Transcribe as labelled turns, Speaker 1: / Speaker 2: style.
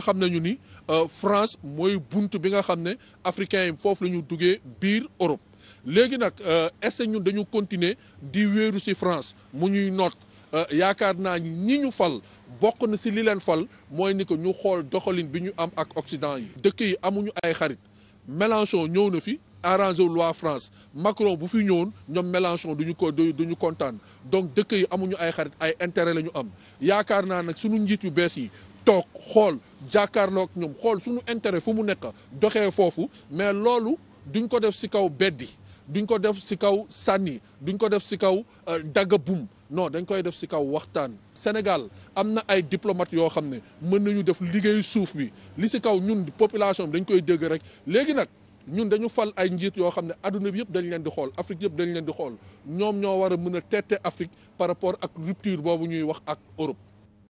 Speaker 1: xam nañu ni euh, France mooy bunt bi nga xam ne africains yi foofu la ñu duggee biir Europe léegi nag euh, est-ce dañu continuer di wéeru ci France mu ñuy noot euh, yaakaar naa ni ñi ñu fal bokk na ci li leen fal mooy ni ko ñu xool doxalin bi ñu am ak Occident yi. dëkk yi amuñu ay xarit Mélenchon ñëw na fi. arrangé wu loi France Macron bu fi ñëwoon ñoom Mélenchon duñu ko duñu kontaan donc dëkk yi amuñu ay xarit ay intérêt la ñu am yaakaar naa nag sunu njiit yu bees yi toog xool. jàkkaarlook ñoom xool suñu intérêt fu mu nekk doxee foofu mais loolu duñ ko def si kaw beddi duñ ko def si kaw sànni duñ ko def si kaw euh, dagga bum non dañ koy def si kaw waxtaan Sénégal am na ay diplomate yoo xam ne mën nañu def liggéeyu suuf bi li si kaw ñun population dañ koy dégg rek léegi nag ñun dañu fal ay njiit yoo xam ne adduna bi yëpp dañ leen di xool Afrique yëpp dañ leen di xool ñoom ñoo war mën a teete Afrique par rapport ak rupture boobu ñuy wax ak Europe